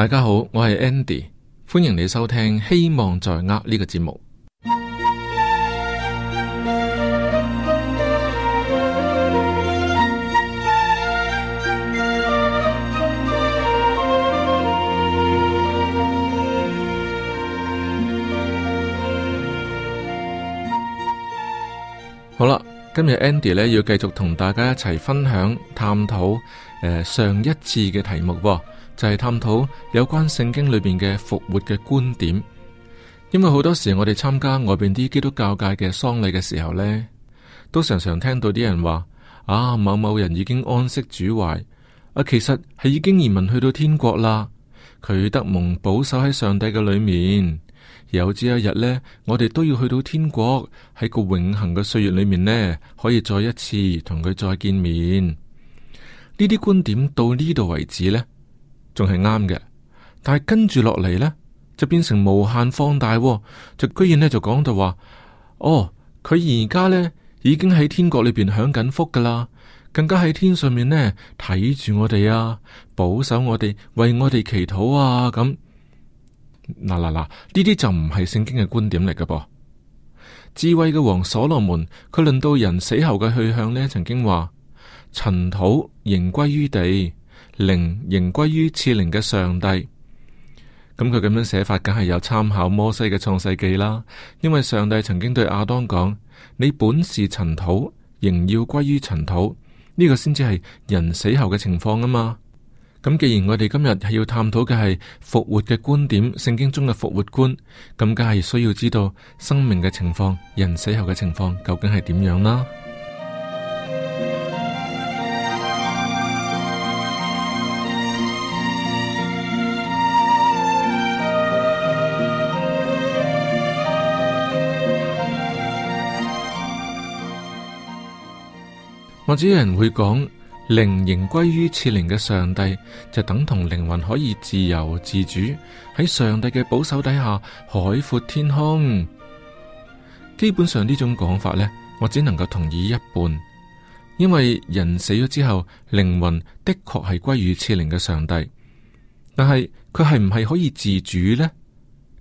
大家好，我係 Andy，歡迎你收聽《希望在握》呢、這個節目。 好啦，今日 Andy 呢要繼續同大家一齊分享、探討誒、呃、上一次嘅題目。就係探討有關聖經裏邊嘅復活嘅觀點，因為好多時我哋參加外邊啲基督教界嘅喪禮嘅時候呢，都常常聽到啲人話啊，某某人已經安息主懷啊，其實係已經移民去到天國啦。佢得蒙保守喺上帝嘅裏面，有朝一日呢，我哋都要去到天國喺個永恆嘅歲月裏面呢，可以再一次同佢再見面。呢啲觀點到呢度為止呢。仲係啱嘅，但係跟住落嚟呢，就變成無限放大，就居然呢，就講到話，哦，佢而家呢，已經喺天國裏邊享緊福噶啦，更加喺天上面呢，睇住我哋啊，保守我哋，為我哋祈禱啊咁，嗱嗱嗱，呢啲就唔係聖經嘅觀點嚟噶噃。智慧嘅王所羅門，佢論到人死後嘅去向呢，曾經話：塵土仍歸於地。靈仍歸於賜靈嘅上帝，咁佢咁樣寫法，梗係有參考摩西嘅創世紀啦。因為上帝曾經對亞當講：你本是塵土，仍要歸於塵土。呢、這個先至係人死後嘅情況啊嘛。咁既然我哋今日係要探討嘅係復活嘅觀點，聖經中嘅復活觀，咁梗係需要知道生命嘅情況，人死後嘅情況究竟係點樣啦。我只有人會講靈仍歸於賜靈嘅上帝，就等同靈魂可以自由自主喺上帝嘅保守底下海闊天空。基本上呢種講法呢，我只能夠同意一半，因為人死咗之後，靈魂的確係歸於賜靈嘅上帝，但係佢係唔係可以自主呢？呢、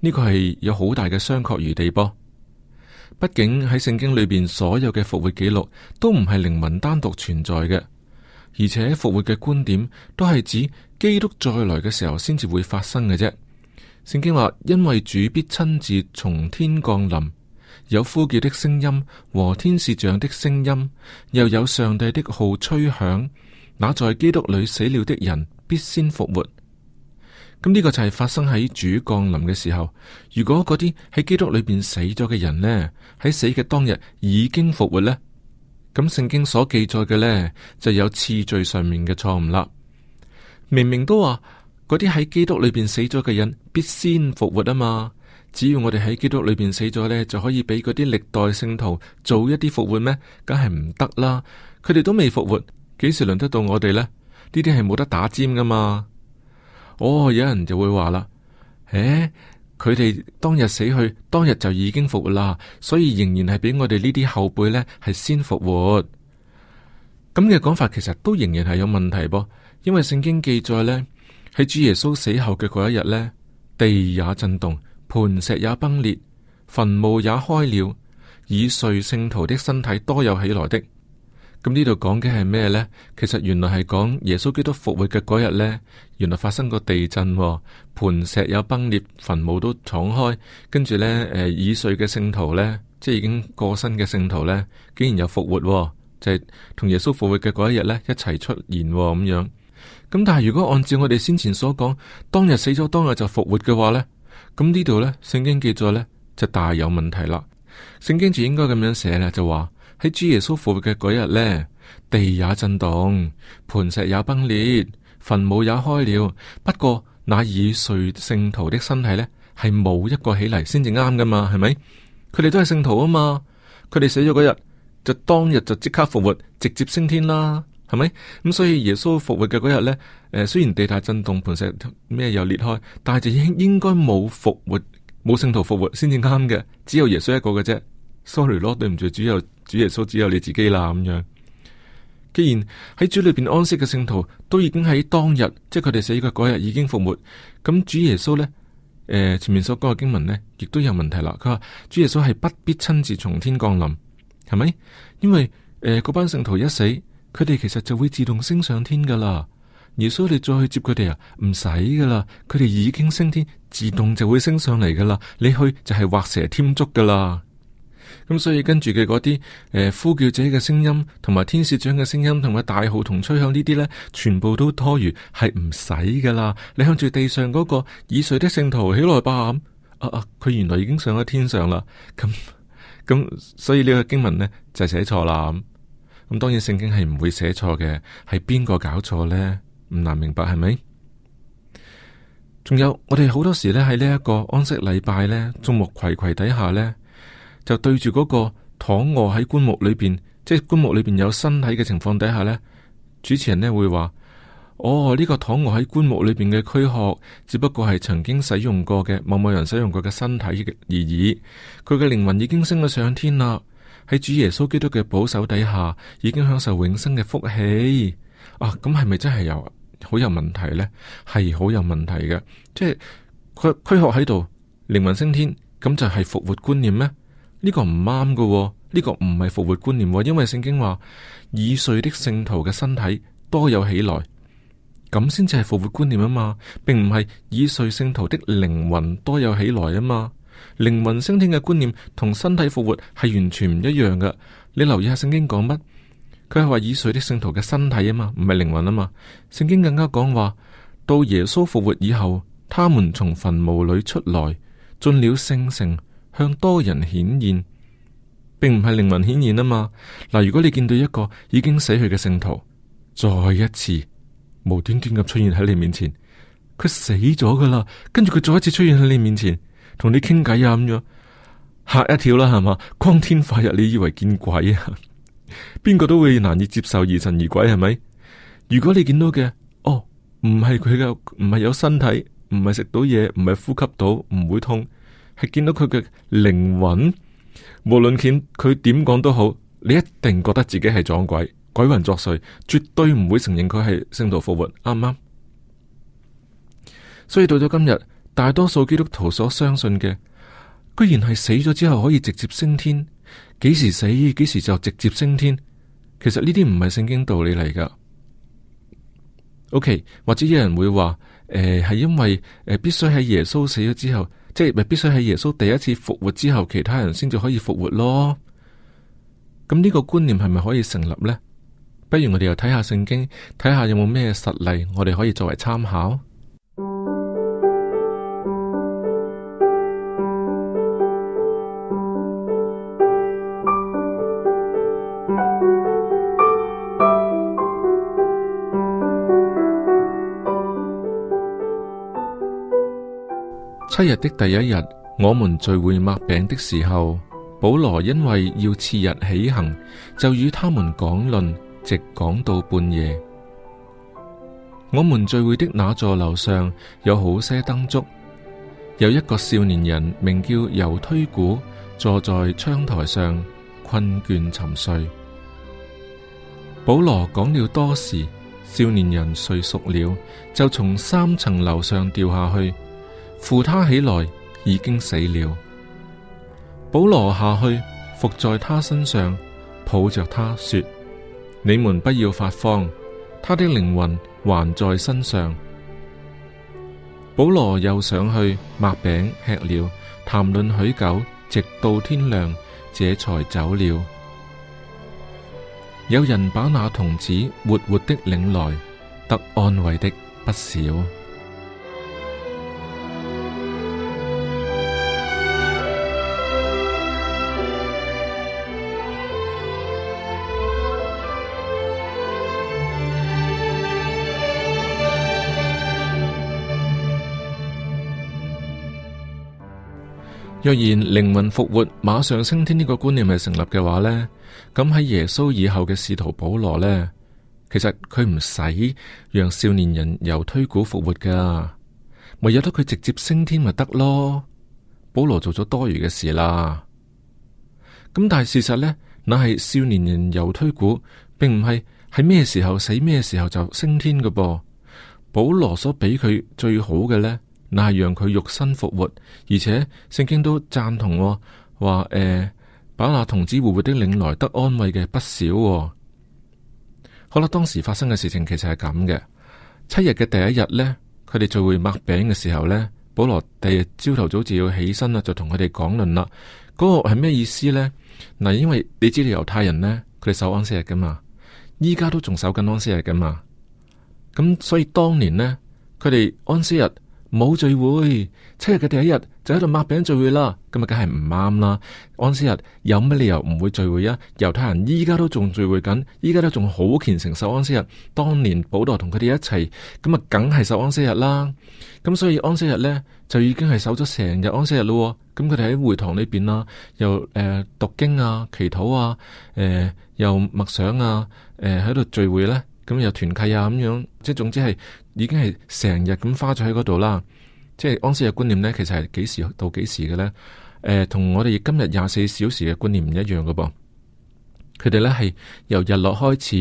呢個係有好大嘅商榷餘地噃。畢竟喺聖經裏邊，所有嘅復活記錄都唔係靈魂單獨存在嘅，而且復活嘅觀點都係指基督再來嘅時候先至會發生嘅啫。聖經話，因為主必親自從天降臨，有呼叫的聲音和天使長的聲音，又有上帝的號吹響，那在基督裏死了的人必先復活。咁呢個就係發生喺主降臨嘅時候，如果嗰啲喺基督裏邊死咗嘅人呢，喺死嘅當日已經復活呢，咁聖經所記載嘅呢就有次序上面嘅錯誤啦。明明都話嗰啲喺基督裏邊死咗嘅人必先復活啊嘛，只要我哋喺基督裏邊死咗呢，就可以俾嗰啲歷代聖徒早一啲復活咩？梗係唔得啦，佢哋都未復活，幾時輪得到我哋呢？呢啲係冇得打尖噶嘛。哦，有人就會話啦，唉、哎，佢哋當日死去，當日就已經復活啦，所以仍然係俾我哋呢啲後輩呢係先復活。咁嘅講法其實都仍然係有問題噃，因為聖經記載呢，喺主耶穌死後嘅嗰一日呢，地也震動，磐石也崩裂，墳墓也開了，已睡聖徒的身體多有起來的。咁呢度講嘅係咩呢？其實原來係講耶穌基督復活嘅嗰日呢，原來發生個地震、喎，磐石有崩裂，墳墓都敞開，跟住呢，誒已睡嘅聖徒呢，即係已經過身嘅聖徒呢，竟然又復活、喎，就係、是、同耶穌復活嘅嗰一日呢一齊出現咁、哦、樣。咁但係如果按照我哋先前所講，當日死咗當日就復活嘅話呢，咁呢度呢，聖經記載呢，就大有問題啦。聖經就應該咁樣寫啦，就話。喺主耶穌復活嘅嗰日呢，地也震動，磐石也崩裂，墳墓也開了。不過，那已睡聖徒的身體呢，係冇一個起嚟，先至啱噶嘛，係咪？佢哋都係聖徒啊嘛，佢哋死咗嗰日就當日就即刻復活，直接升天啦，係咪？咁所以耶穌復活嘅嗰日呢，誒、呃，雖然地大震動，磐石咩又裂開，但係就應應該冇復活，冇聖徒復活先至啱嘅，只有耶穌一個嘅啫。Sorry 咯，對唔住，只有主耶穌，只有你自己啦，咁樣。既然喺主裏邊安息嘅聖徒都已經喺當日，即係佢哋死嘅嗰日已經復活，咁主耶穌呢？誒、呃，前面所講嘅經文呢，亦都有問題啦。佢話主耶穌係不必親自從天降臨，係咪？因為誒，嗰、呃、班聖徒一死，佢哋其實就會自動升上天噶啦。耶穌你再去接佢哋啊，唔使噶啦，佢哋已經升天，自動就會升上嚟噶啦。你去就係畫蛇添足噶啦。咁、嗯、所以跟住嘅嗰啲誒呼叫者嘅聲音，同埋天使長嘅聲音，同埋大號同吹響呢啲呢，全部都多餘係唔使噶啦。你向住地上嗰個已睡的聖徒起來吧。咁、啊、佢、啊、原來已經上咗天上啦。咁、嗯、咁、嗯嗯，所以呢個經文呢，就係、是、寫錯啦。咁、嗯、咁、嗯，當然聖經係唔會寫錯嘅，係邊個搞錯呢？唔難明白係咪？仲有我哋好多時呢，喺呢一個安息禮拜呢，眾目睽睽底下呢。就對住嗰個躺臥喺棺木裏邊，即係棺木裏邊有身體嘅情況底下呢，主持人呢會話：哦，呢個躺臥喺棺木裏邊嘅軀殼，只不過係曾經使用過嘅某某人使用過嘅身體而已。佢嘅靈魂已經升咗上天啦，喺主耶穌基督嘅保守底下，已經享受永生嘅福氣。啊，咁係咪真係有好有問題呢？係好有問題嘅，即係佢軀殼喺度，靈魂升天，咁就係復活觀念咩？呢個唔啱噶，呢、這個唔係復活觀念，因為聖經話已睡的聖徒嘅身體多有起來，咁先至係復活觀念啊嘛，並唔係已睡聖徒的靈魂多有起來啊嘛。靈魂升天嘅觀念同身體復活係完全唔一樣嘅。你留意下聖經講乜，佢係話已睡的聖徒嘅身體啊嘛，唔係靈魂啊嘛。聖經更加講話到耶穌復活以後，他們從墳墓裏出來，進了聖城。向多人顯現，並唔係靈魂顯現啊嘛嗱！如果你見到一個已經死去嘅聖徒，再一次無端端咁出現喺你面前，佢死咗噶啦，跟住佢再一次出現喺你面前，同你傾偈啊，咁樣嚇一跳啦，係嘛？光天化日，你以為見鬼啊？邊 個都會難以接受，疑神疑鬼係咪？如果你見到嘅，哦，唔係佢嘅，唔係有身體，唔係食到嘢，唔係呼吸到，唔會痛。係見到佢嘅靈魂，無論佢佢點講都好，你一定覺得自己係撞鬼、鬼魂作祟，絕對唔會承認佢係聖道復活，啱唔啱？所以到咗今日，大多數基督徒所相信嘅，居然係死咗之後可以直接升天，幾時死幾時就直接升天。其實呢啲唔係聖經道理嚟噶。OK，或者有人會話，誒、呃、係因為誒、呃、必須喺耶穌死咗之後。即係咪必須喺耶穌第一次復活之後，其他人先至可以復活咯？咁呢個觀念係咪可以成立呢？不如我哋又睇下聖經，睇下有冇咩實例，我哋可以作為參考。七日的第一日，我們聚會擘餅的時候，保羅因為要次日起行，就與他們講論，直講到半夜。我們聚會的那座樓上有好些燈燭，有一個少年人名叫猶推古，坐在窗台上困倦沉睡。保羅講了多時，少年人睡熟了，就從三層樓上掉下去。扶他起來，已經死了。保羅下去伏在他身上，抱着他說：你們不要發慌，他的靈魂還在身上。保羅又上去抹餅吃了，談論許久，直到天亮，這才走了。有人把那童子活活的領來，得安慰的不少。若然靈魂復活馬上升天呢個觀念係成立嘅話呢，咁喺耶穌以後嘅使徒保羅呢，其實佢唔使讓少年人由推古復活噶，咪由得佢直接升天咪得咯。保羅做咗多餘嘅事啦。咁但係事實呢，那係少年人由推古，並唔係喺咩時候死咩時候就升天噶噃。保羅所俾佢最好嘅呢。嗱，係讓佢肉身復活，而且聖經都贊同、哦，話誒把那童子活活的領來得安慰嘅不少、哦。好啦，當時發生嘅事情其實係咁嘅。七日嘅第一日呢，佢哋聚會擘餅嘅時候呢，保羅第日朝頭早就要起身啦，就同佢哋講論啦。嗰、那個係咩意思呢？嗱，因為你知道猶太人呢，佢哋守安息日噶嘛，依家都仲守緊安息日噶嘛。咁所以當年呢，佢哋安息日。冇聚會，七日嘅第一日就喺度抹餅聚會啦，咁啊梗係唔啱啦。安息日有乜理由唔會聚會啊？猶太人依家都仲聚會緊，依家都仲好虔誠守安息日。當年保羅同佢哋一齊，咁啊梗係守安息日啦。咁所以安息日呢，就已經係守咗成日安息日咯。咁佢哋喺會堂呢邊啦，又誒讀經啊、祈禱啊、誒、呃、又默想啊、誒喺度聚會呢。咁又團契啊咁樣，即係總之係。已經係成日咁花咗喺嗰度啦，即係安息嘅觀念呢，其實係幾時到幾時嘅呢？誒、呃，同我哋今日廿四小時嘅觀念唔一樣噶噃、哦。佢哋呢係由日落開始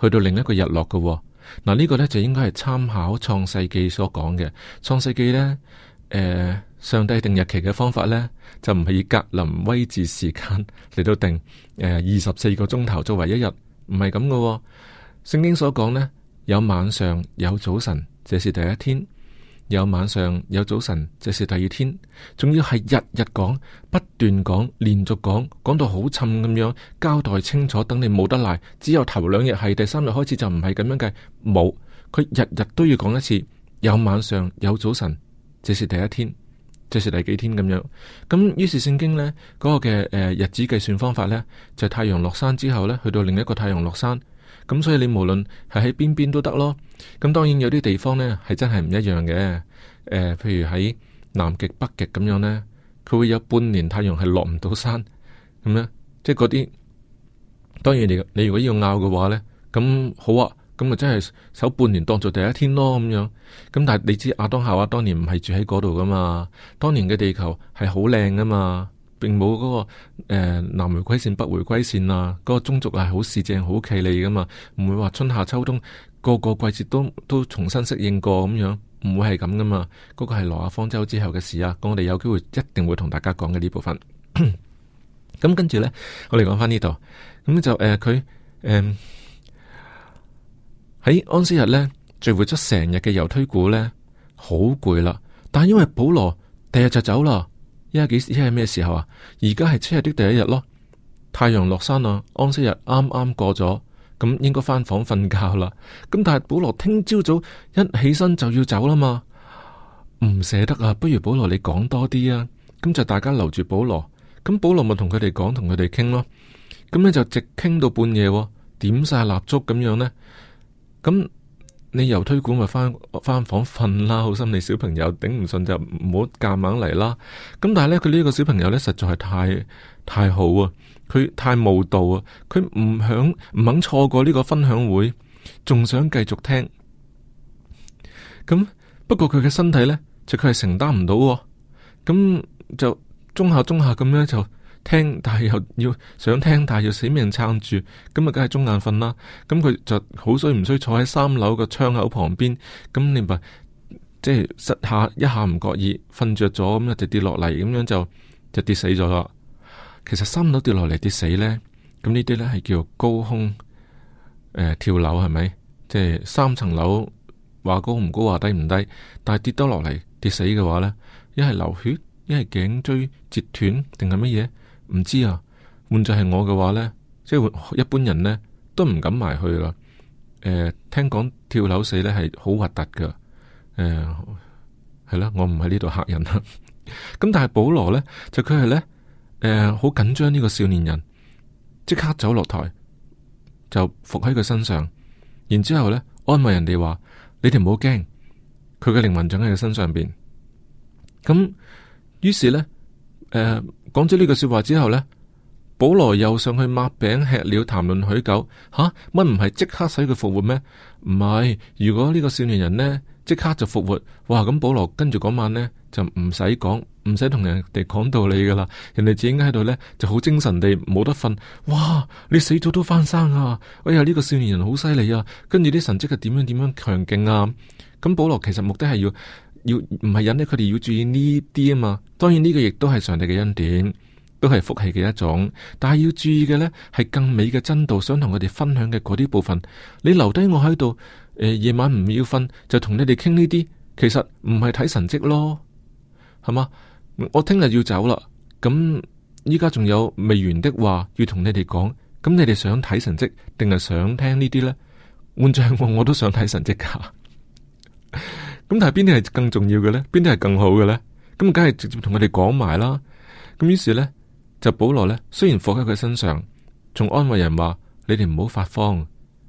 去到另一個日落噶、哦。嗱、啊、呢、這個呢就應該係參考創世記所講嘅。創世記呢，誒、呃，上帝定日期嘅方法呢，就唔係以格林威治時間嚟到定，誒、呃，二十四個鐘頭作為一日，唔係咁噶。聖經所講呢。有晚上有早晨，這是第一天；有晚上有早晨，這是第二天。仲要係日日講，不斷講，連續講，講到好襯咁樣交代清楚。等你冇得賴，只有頭兩日係，第三日開始就唔係咁樣嘅。冇，佢日日都要講一次。有晚上有早晨，這是第一天，這是第幾天咁樣。咁於是聖經呢嗰個嘅誒日子計算方法呢，就係太陽落山之後呢，去到另一個太陽落山。咁所以你無論係喺邊邊都得咯，咁當然有啲地方呢係真係唔一樣嘅，呃，譬如喺南極、北極咁樣呢，佢會有半年太陽係落唔到山，咁呢，即係嗰啲當然你你如果要拗嘅話呢，咁好啊，咁咪真係守半年當做第一天咯，咁樣，咁但係你知亞當夏娃當年唔係住喺嗰度噶嘛，當年嘅地球係好靚噶嘛。並冇嗰、那個誒、呃、南回歸線北回歸線啊，嗰、那個種族係好市正好企利噶嘛，唔會話春夏秋冬個個季節都都重新適應過咁樣，唔會係咁噶嘛，嗰、那個係挪亞方舟之後嘅事啊，咁我哋有機會一定會同大家講嘅呢部分。咁 跟住呢，我哋講翻呢度，咁就誒佢誒喺安息日呢，聚會咗成日嘅游推股呢，好攰啦，但係因為保羅第二日就走啦。而家幾？而家係咩時候啊？而家係七日的第一日咯，太陽落山啦，安息日啱啱過咗，咁應該返房瞓覺啦。咁但係保羅聽朝早一起身就要走啦嘛，唔捨得啊，不如保羅你講多啲啊。咁、嗯、就大家留住保羅，咁、嗯、保羅咪同佢哋講，同佢哋傾咯。咁、嗯、咧就直傾到半夜，點晒蠟燭咁樣呢？咁、嗯。你由推管咪翻翻房瞓啦，好心你小朋友頂唔順就唔好夾硬嚟啦。咁但係咧，佢呢個小朋友咧實在係太太好啊，佢太無道啊，佢唔想唔肯錯過呢個分享會，仲想繼續聽。咁不過佢嘅身體咧，就佢係承擔唔到，咁就中下中下咁樣就。聽但係又要想聽，但係要死命撐住，咁啊梗係中眼瞓啦。咁佢就好衰唔衰坐喺三樓個窗口旁邊，咁你咪即係失下一下唔覺意瞓着咗，咁一跌跌落嚟，咁樣就就跌死咗啦。其實三樓跌落嚟跌死呢，咁呢啲呢係叫高空、呃、跳樓係咪？即係、就是、三層樓話高唔高話低唔低，但係跌多落嚟跌死嘅話呢，一係流血，一係頸椎折斷定係乜嘢？唔知啊，換就係我嘅話呢。即係一般人呢都唔敢埋去啦。誒、呃，聽講跳樓死呢係好核突嘅。誒、呃，係啦，我唔喺呢度嚇人啦。咁 但係保羅呢，就佢係呢，誒、呃，好緊張呢個少年人，即刻走落台就伏喺佢身上，然之後咧安慰人哋話：你哋唔好驚，佢嘅靈魂長喺佢身上邊。咁、嗯、於是呢。誒、呃。講咗呢句說話之後呢，保羅又上去抹餅吃了，談論許久。吓、啊，乜唔係即刻使佢復活咩？唔係，如果呢個少年人呢即刻就復活，哇！咁保羅跟住嗰晚呢就唔使講，唔使同人哋講道理噶啦，人哋自己喺度呢就好精神地冇得瞓。哇！你死咗都翻生啊！哎呀，呢、這個少年人好犀利啊！跟住啲神蹟係點樣點樣強勁啊！咁保羅其實目的係要。要唔係忍咧？佢哋要注意呢啲啊嘛。當然呢個亦都係上帝嘅恩典，都係福氣嘅一種。但係要注意嘅呢，係更美嘅真道，想同佢哋分享嘅嗰啲部分。你留低我喺度，呃、夜晚唔要瞓，就同你哋傾呢啲。其實唔係睇神蹟咯，係嘛？我聽日要走啦。咁依家仲有未完的話要同你哋講。咁你哋想睇神蹟定係想聽呢啲呢？換着我，我都想睇神蹟噶。 咁但係邊啲係更重要嘅咧？邊啲係更好嘅咧？咁梗係直接同佢哋講埋啦。咁於是咧，就保羅咧，雖然放喺佢身上，仲安慰人話：你哋唔好發慌，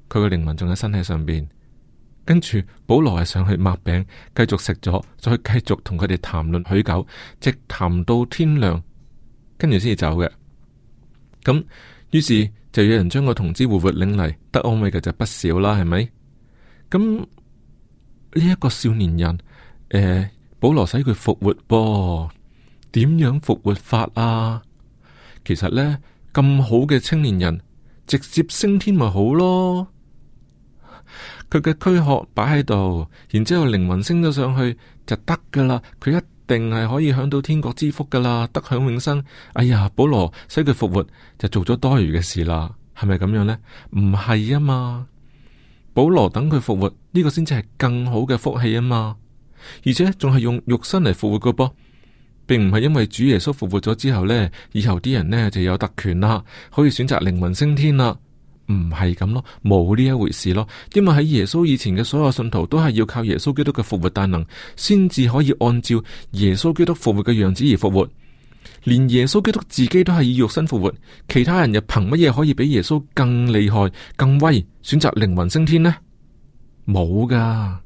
佢嘅靈魂仲喺身體上邊。跟住保羅係上去擘餅，繼續食咗，再繼續同佢哋談論許久，直談到天亮，跟住先至走嘅。咁於是就有人將個童子活活拎嚟，得安慰嘅就不少啦，係咪？咁。呢一個少年人，誒、欸，保羅使佢復活噃、啊？點樣復活法啊？其實呢，咁好嘅青年人，直接升天咪好咯？佢嘅軀殼擺喺度，然之後靈魂升咗上去就得噶啦。佢一定係可以享到天國之福噶啦，得享永生。哎呀，保羅使佢復活就做咗多餘嘅事啦，係咪咁樣呢？唔係啊嘛。保羅等佢復活呢個先至係更好嘅福氣啊嘛，而且仲係用肉身嚟復活個噃，並唔係因為主耶穌復活咗之後呢，以後啲人呢就有特權啦，可以選擇靈魂升天啦，唔係咁咯，冇呢一回事咯。因為喺耶穌以前嘅所有信徒都係要靠耶穌基督嘅復活大能，先至可以按照耶穌基督復活嘅樣子而復活。連耶穌基督自己都係以肉身復活，其他人又憑乜嘢可以比耶穌更厲害、更威，選擇靈魂升天呢？冇噶。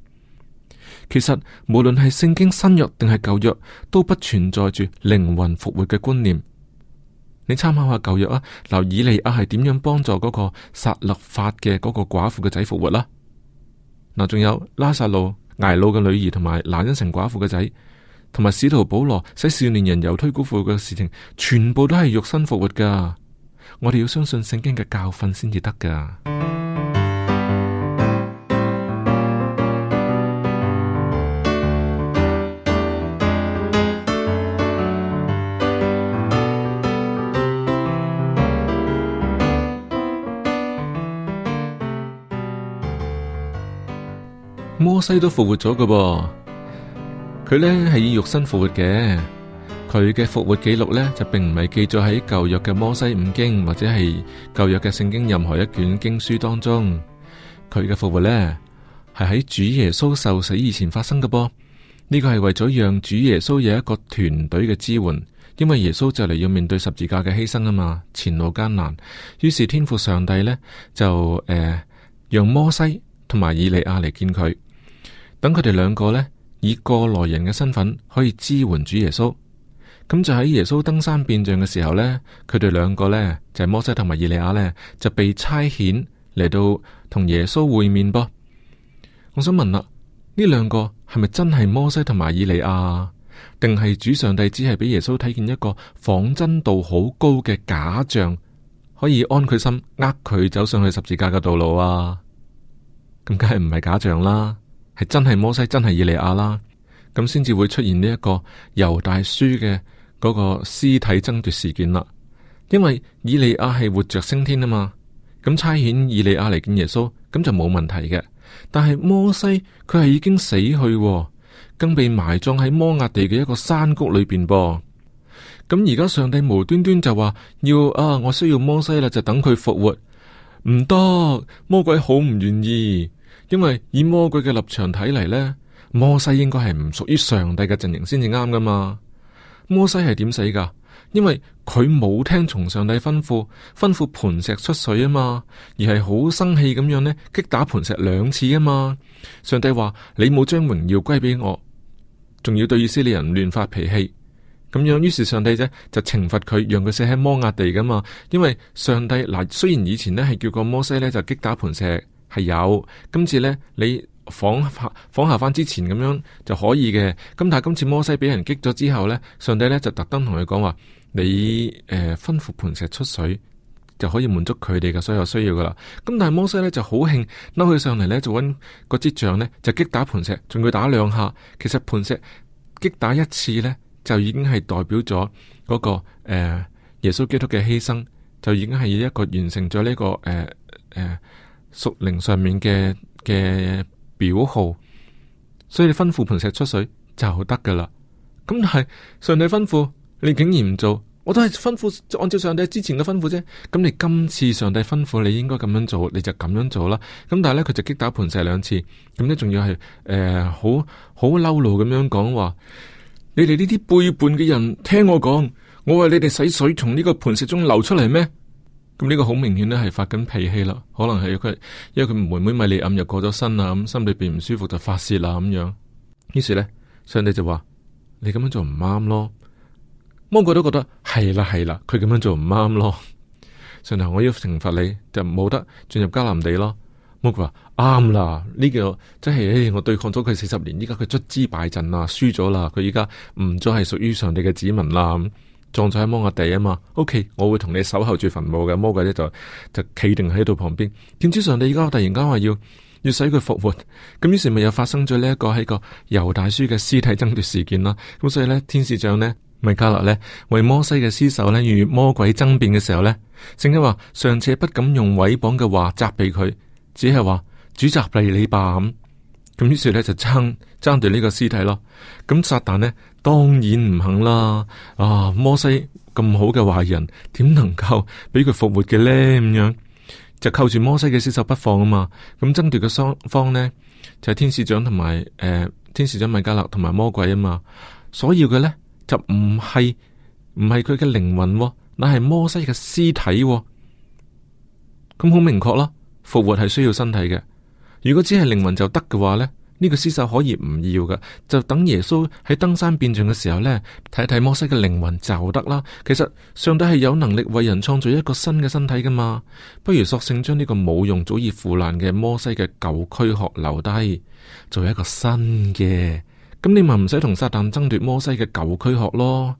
其實無論係聖經新約定係舊約，都不存在住靈魂復活嘅觀念。你參考下舊約啊，留以利亞係點樣幫助嗰個撒勒法嘅嗰個寡婦嘅仔復活啦？嗱，仲有拉撒路挨老嘅女兒同埋拿因城寡婦嘅仔。同埋使徒保羅使少年人猶推古復活嘅事情，全部都係肉身復活噶。我哋要相信聖經嘅教訓先至得噶。摩 西都復活咗嘅噃。佢呢係以肉身復活嘅，佢嘅復活記錄呢，就並唔係記載喺舊約嘅摩西五經或者係舊約嘅聖經任何一卷經書當中。佢嘅復活呢，係喺主耶穌受死以前發生嘅噃。呢個係為咗讓主耶穌有一個團隊嘅支援，因為耶穌就嚟要面對十字架嘅犧牲啊嘛，前路艱難。於是天父上帝呢，就誒讓、呃、摩西同埋以利亞嚟見佢，等佢哋兩個呢。以過來人嘅身份可以支援主耶穌，咁就喺耶穌登山變像嘅時候呢，佢哋兩個呢就係摩西同埋以利亞呢，就被差遣嚟到同耶穌會面噃。我想問啦，呢兩個係咪真係摩西同埋以利亞，定係主上帝只係俾耶穌睇見一個仿真度好高嘅假象，可以安佢心，呃佢走上去十字架嘅道路啊？咁梗係唔係假象啦。係真係摩西，真係以利亞啦，咁先至會出現呢一個猶大書嘅嗰個屍體爭奪事件啦。因為以利亞係活着升天啊嘛，咁差遣以利亞嚟見耶穌，咁就冇問題嘅。但係摩西佢係已經死去，更被埋葬喺摩押地嘅一個山谷裏邊噃。咁而家上帝無端端就話要啊，我需要摩西啦，就等佢復活，唔得，魔鬼好唔願意。因為以魔鬼嘅立場睇嚟呢，摩西應該係唔屬於上帝嘅陣營先至啱噶嘛。摩西係點死噶？因為佢冇聽從上帝吩咐，吩咐磐石出水啊嘛，而係好生氣咁樣呢，擊打磐石兩次啊嘛。上帝話你冇將榮耀歸俾我，仲要對以色列人亂發脾氣，咁樣於是上帝咧就懲罰佢，讓佢死喺摩押地噶嘛。因為上帝嗱雖然以前咧係叫過摩西呢，就擊打磐石。係有今次呢，你仿下仿下翻之前咁樣就可以嘅。咁但係今次摩西俾人擊咗之後呢，上帝呢就特登同佢講話：你誒、呃、吩咐磐石出水，就可以滿足佢哋嘅所有需要噶啦。咁但係摩西呢就好興嬲起上嚟呢，就搵嗰支杖呢，就擊打磐石，仲要打兩下。其實磐石擊打一次呢，就已經係代表咗嗰、那個誒、呃、耶穌基督嘅犧牲就已經係一個完成咗呢、這個誒誒。呃呃屬靈上面嘅嘅表號，所以你吩咐磐石出水就得噶啦。咁但係上帝吩咐你竟然唔做，我都係吩咐按照上帝之前嘅吩咐啫。咁你今次上帝吩咐你應該咁樣做，你就咁樣做啦。咁但係咧佢就擊打磐石兩次，咁咧仲要係誒好好嬲怒咁樣講話。你哋呢啲背叛嘅人，聽我講，我為你哋使水從呢個磐石中流出嚟咩？咁呢個好明顯咧，係發緊脾氣啦，可能係佢因為佢妹妹米利暗又過咗身啦，咁心裏邊唔舒服就發洩啦咁樣。於是咧，上帝就話：你咁樣做唔啱咯。魔鬼都覺得係啦係啦，佢咁樣做唔啱咯。上帝，我要懲罰你，就冇得進入迦南地咯。魔鬼話：啱啦，呢、這個真係，哎，我對抗咗佢四十年，依家佢卒之敗陣啦，輸咗啦，佢依家唔再係屬於上帝嘅子民啦。撞咗喺摩亞地啊嘛，O、OK, K 我會同你守候住墳墓嘅魔鬼咧就，就企定喺度旁邊，點知上帝而家突然間話要要使佢復活，咁於是咪又發生咗呢一個喺個猶大叔嘅屍體爭奪事件啦，咁所以咧天使長呢，米迦勒咧為摩西嘅屍首咧與魔鬼爭辯嘅時候咧，聖經話尚且不敢用毀謗嘅話責備佢，只係話主責備你吧咁，咁於是咧就爭。爭奪呢個屍體咯，咁撒旦呢，當然唔肯啦。啊，摩西咁好嘅壞人，點能夠俾佢復活嘅呢？咁樣就扣住摩西嘅屍首不放啊嘛。咁爭奪嘅雙方呢，就係、是、天使長同埋誒天使長米迦勒同埋魔鬼啊嘛。所要嘅呢，就唔係唔係佢嘅靈魂，乃係摩西嘅屍體。咁好明確咯，復活係需要身體嘅。如果只係靈魂就得嘅話呢？呢個屍首可以唔要嘅，就等耶穌喺登山變像嘅時候呢，睇一睇摩西嘅靈魂就得啦。其實上帝係有能力為人創造一個新嘅身體噶嘛，不如索性將呢個冇用、早已腐爛嘅摩西嘅舊軀殼留低，做一個新嘅。咁你咪唔使同撒旦爭奪摩西嘅舊軀殼咯。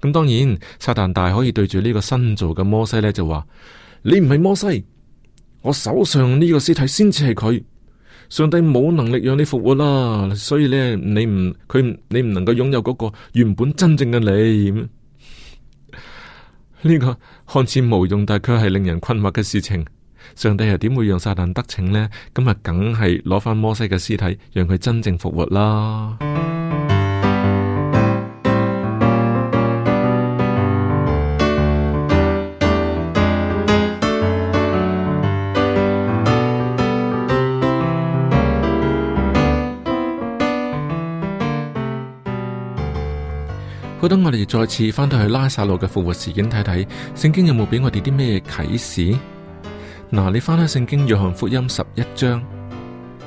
咁 當然，撒旦大可以對住呢個新造嘅摩西呢，就話：你唔係摩西，我手上呢個屍體先至係佢。上帝冇能力讓你復活啦，所以咧你唔佢你唔能夠擁有嗰個原本真正嘅你。呢個看似無用但卻係令人困惑嘅事情，上帝又點會讓撒旦得逞呢？咁啊，梗係攞翻摩西嘅屍體，讓佢真正復活啦。好，等我哋再次翻到去拉撒路嘅復活事件睇睇，聖經有冇俾我哋啲咩啟示？嗱、啊，你翻開聖經《約翰福音》十一章，《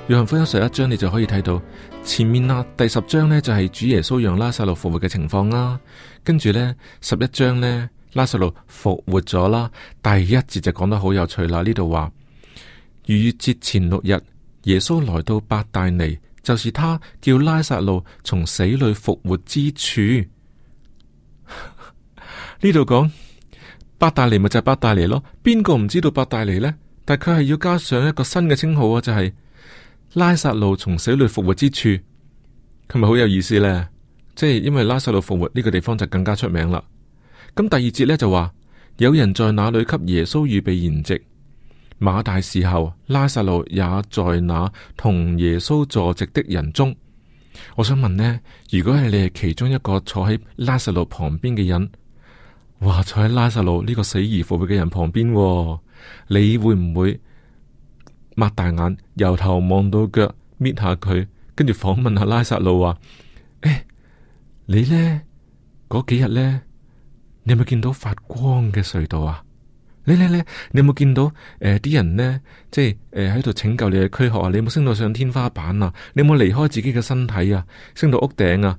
約翰福音》十一章，你就可以睇到前面啦。第十章呢，就係、是、主耶穌讓拉撒路復活嘅情況啦，跟住呢，十一章呢，拉撒路復活咗啦。第一節就講得好有趣啦，呢度話逾越節前六日，耶穌來到伯大尼，就是他叫拉撒路從死裏復活之處。呢度講伯大尼咪就係伯大尼咯，邊個唔知道伯大尼呢？但佢係要加上一個新嘅稱號啊，就係拉撒路從死裏復活之處，佢咪好有意思呢，即係因為拉撒路復活呢個地方就更加出名啦。咁第二節呢，就話有人在那裏給耶穌預備筵席，馬大伺候拉撒路也在那同耶穌坐席的人中。我想問呢，如果係你係其中一個坐喺拉撒路旁邊嘅人？哇，坐喺拉撒路呢、這個死而復活嘅人旁邊，哦，你會唔會擘大眼由頭望到腳，搣下佢，跟住訪問下拉撒路話，啊：誒，你咧嗰幾日咧，你有冇見到發光嘅隧道啊？你你你，你有冇見到誒啲、呃、人呢？即係誒喺度拯救你嘅軀殼啊？你有冇升到上天花板啊？你有冇離開自己嘅身體啊？升到屋頂啊？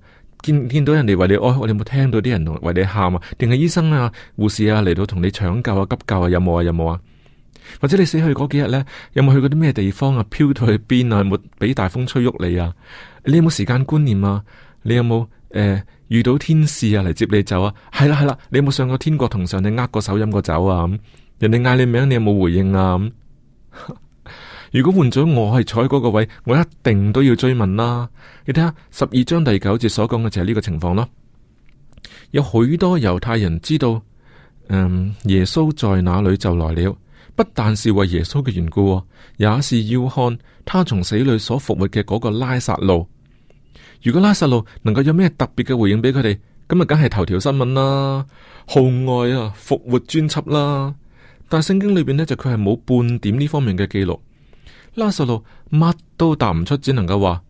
見見到人哋為你哀，我哋有冇聽到啲人同為你喊啊？定係醫生啊、護士啊嚟到同你搶救啊、急救啊？有冇啊？有冇啊？或者你死去嗰幾日咧，有冇去過啲咩地方啊？飄到去邊啊？有冇俾大風吹喐你啊？你有冇時間觀念啊？你有冇誒、呃、遇到天使啊嚟接你走啊？係啦係啦，你有冇上過天國同上你握過手飲過酒啊？咁人哋嗌你名，你有冇回應啊？咁。 如果換咗我係坐喺嗰個位，我一定都要追問啦。你睇下十二章第九節所講嘅就係呢個情況咯。有許多猶太人知道，嗯，耶穌在哪裏就來了，不但是為耶穌嘅緣故，也是要看他從死裏所復活嘅嗰個拉撒路。如果拉撒路能夠有咩特別嘅回應俾佢哋，咁啊，梗係頭條新聞啦，號外啊復活專輯啦。但聖經裏邊呢，就佢係冇半點呢方面嘅記錄。拉撒路乜都答唔出，只能夠話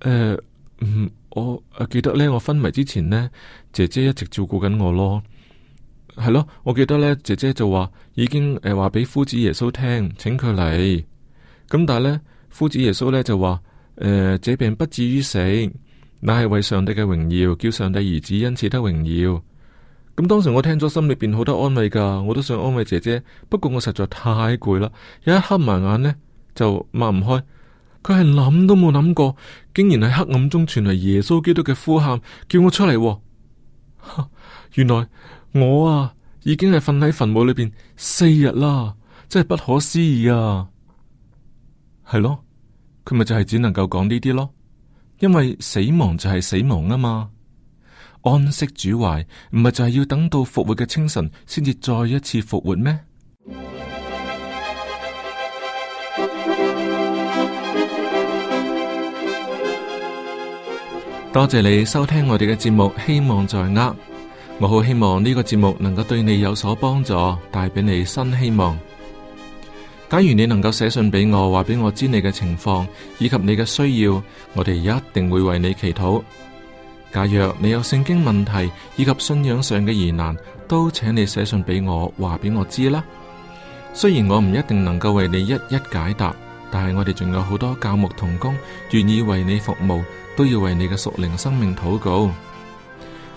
誒，嗯、呃，我記得呢，我昏迷之前呢，姐姐一直照顧緊我咯，係咯，我記得呢，姐姐就話已經誒話俾夫子耶穌聽，請佢嚟，咁但係呢，夫子耶穌呢就話誒、呃，這病不至於死，乃係為上帝嘅榮耀，叫上帝兒子因此得榮耀。咁當時我聽咗，心裏邊好多安慰噶，我都想安慰姐姐，不過我實在太攰啦，有一合埋眼呢。就抹唔開，佢係諗都冇諗過，竟然喺黑暗中傳嚟耶穌基督嘅呼喊，叫我出嚟，哦。原來我啊，已經係瞓喺墳墓裏邊四日啦，真係不可思議啊！係咯，佢咪就係只能夠講呢啲咯，因為死亡就係死亡啊嘛。安息主懷唔係就係要等到復活嘅清晨先至再一次復活咩？多謝你收聽我哋嘅節目，希望在握。我好希望呢個節目能夠對你有所幫助，帶俾你新希望。假如你能夠寫信俾我，話俾我知你嘅情況以及你嘅需要，我哋一定會為你祈禱。假若你有聖經問題以及信仰上嘅疑難，都請你寫信俾我，話俾我知啦。雖然我唔一定能夠為你一一解答。但係我哋仲有好多教牧同工願意為你服務，都要為你嘅屬靈生命禱告。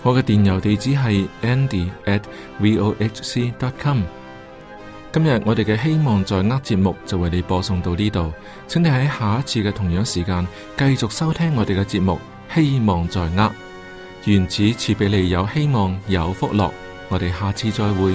我嘅電郵地址係 andy@vohc.com。今日我哋嘅希望在握節目就為你播送到呢度，請你喺下一次嘅同樣時間繼續收聽我哋嘅節目。希望在握，願主賜俾你有希望有福樂。我哋下次再會。